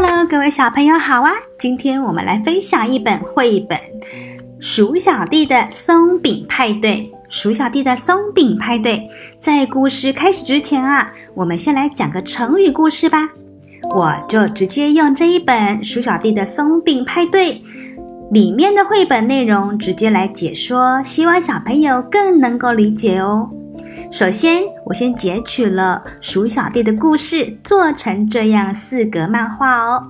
Hello，各位小朋友好啊！今天我們來分享一本繪本《鼠小弟的鬆餅派對》。鼠小弟的鬆餅派對，在故事開始之前啊，我們先來講個成語故事吧。我就直接用這一本《鼠小弟的鬆餅派對》裡面的繪本內容直接來解說，希望小朋友更能夠理解哦。首先，我先截取了鼠小弟的故事，做成這樣四格漫畫哦。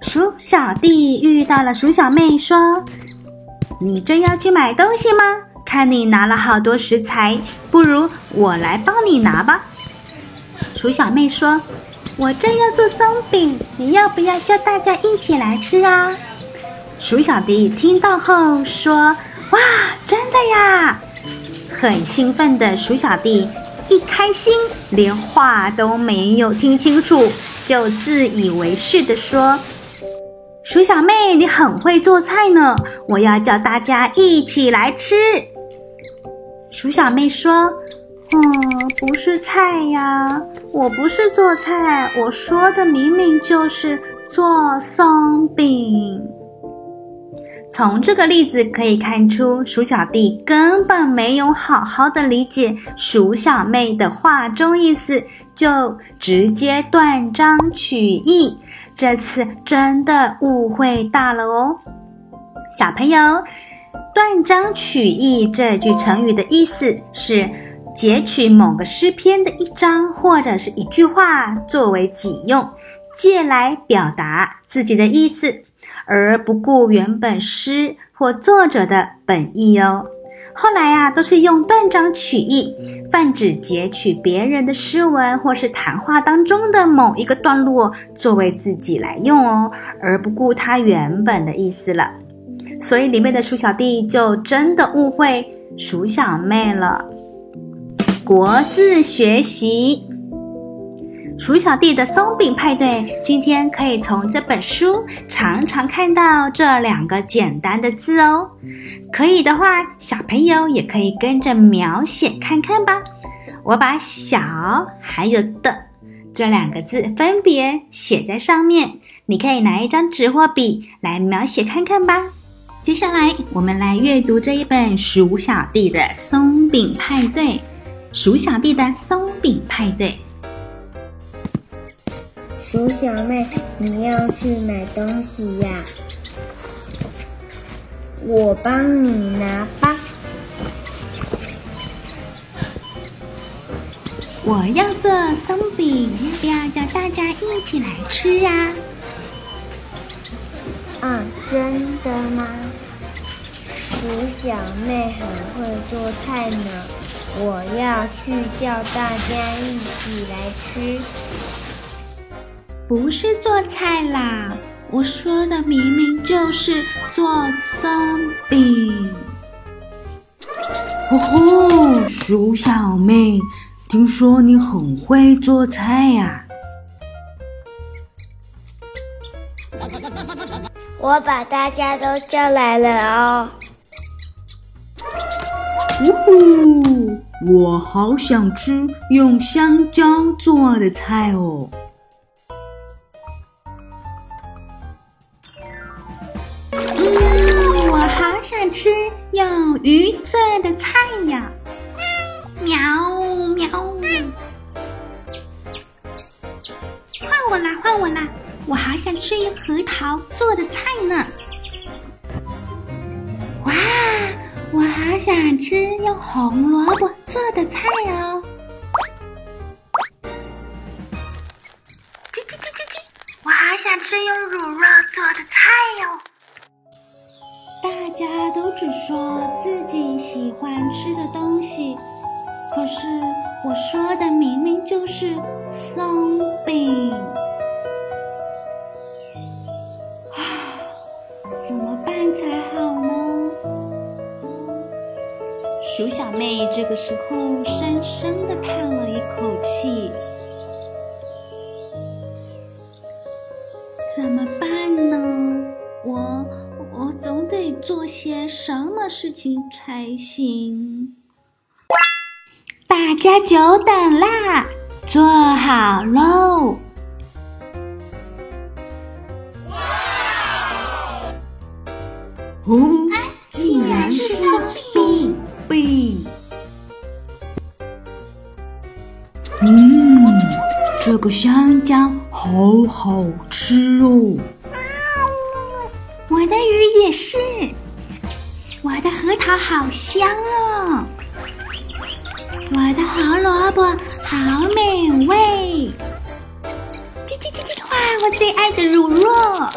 鼠小弟遇到了鼠小妹，說：“你正要去買東西嗎？看你拿了好多食材，不如我來幫你拿吧。”鼠小妹說：“我正要做鬆餅，你要不要叫大家一起來吃啊？”鼠小弟聽到後說：“哇，真的呀！”很興奮的鼠小弟一開心，連話都沒有聽清楚，就自以為是的說：“鼠小妹，你很會做菜呢，我要叫大家一起來吃。”鼠小妹說：“嗯，不是菜呀，我不是做菜，我說的明明就是做鬆餅。”從這個例子可以看出，鼠小弟根本沒有好好的理解鼠小妹的話中意思，就直接斷章取義。這次真的誤會大了哦！小朋友，斷章取義這句成語的意思是截取某個詩篇的一章或者是一句話作為己用，借來表達自己的意思。而不顧原本詩或作者的本意哦。後來啊，都是用斷章取義，泛指截取別人的詩文或是談話當中的某一個段落作為自己來用哦，而不顧他原本的意思了。所以裡面的鼠小弟就真的誤會鼠小妹了。國字學習。鼠小弟的鬆餅派對，今天可以從這本書常常看到這兩個簡單的字哦。可以的話，小朋友也可以跟着描寫看看吧。我把“小”還有的這兩個字分別寫在上面，你可以拿一張紙或筆來描寫看看吧。接下來，我們來閱讀這一本《鼠小弟的鬆餅派對》。鼠小弟的鬆餅派對。鼠小妹，你要去買東西呀？我幫你拿吧。我要做鬆餅，你要不要叫大家一起來吃啊？啊，真的嗎？鼠小妹很會做菜呢，我要去叫大家一起來吃。不是做菜啦，我說的明明就是做鬆餅。哦吼，鼠小妹，聽說你很會做菜呀？啊？我把大家都叫來了哦。嗚呼，我好想吃用香蕉做的菜哦。吃用魚做的菜呀、哦，喵喵，換我啦，換我啦！我好想吃用核桃做的菜呢。哇，我好想吃用紅蘿蔔做的菜哦。嘰嘰嘰嘰嘰，我好想吃用乳酪做的菜喲、哦。大家都只說自己喜歡吃的東西，可是我說的明明就是鬆餅。啊，怎麼辦才好呢？鼠小妹這個時候深深地嘆了一口氣。怎麼辦呢？我。總得做些什麼事情才行。大家久等啦，做好嘍！哇！嗯、哦啊，竟然是鬆餅。嗯，這個香蕉好好吃哦。也是，我的核桃好香哦，我的胡蘿蔔好美味，嘰嘰嘰嘰，哇！我最愛的乳酪，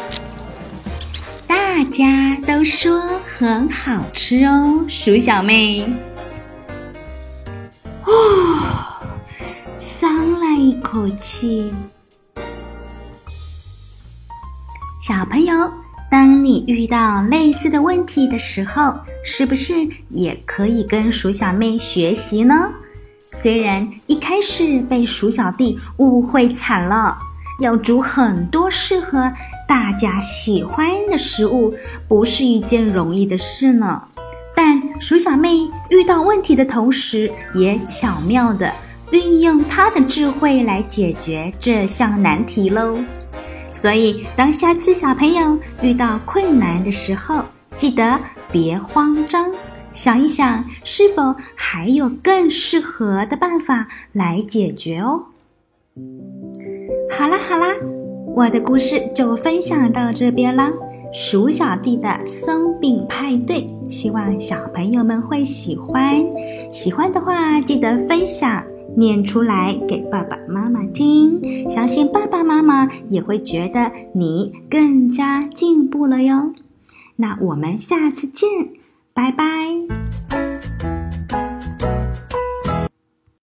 大家都說很好吃哦，鼠小妹。哦，鬆了一口氣，小朋友。當你遇到類似的問題的時候，是不是也可以跟鼠小妹學習呢？雖然一開始被鼠小弟誤會慘了，要煮很多適合大家喜歡的食物，不是一件容易的事呢。但鼠小妹遇到問題的同時，也巧妙地運用她的智慧來解決這項難題嘍。所以，當下次小朋友遇到困難的時候，記得別慌張，想一想是否還有更適合的辦法來解決哦。好啦好啦，我的故事就分享到這邊啦。鼠小弟的鬆餅派對，希望小朋友們會喜歡。喜歡的話，記得分享。念出來給爸爸媽媽聽，相信爸爸媽媽也會覺得你更加進步了喲。那我們下次見，拜拜。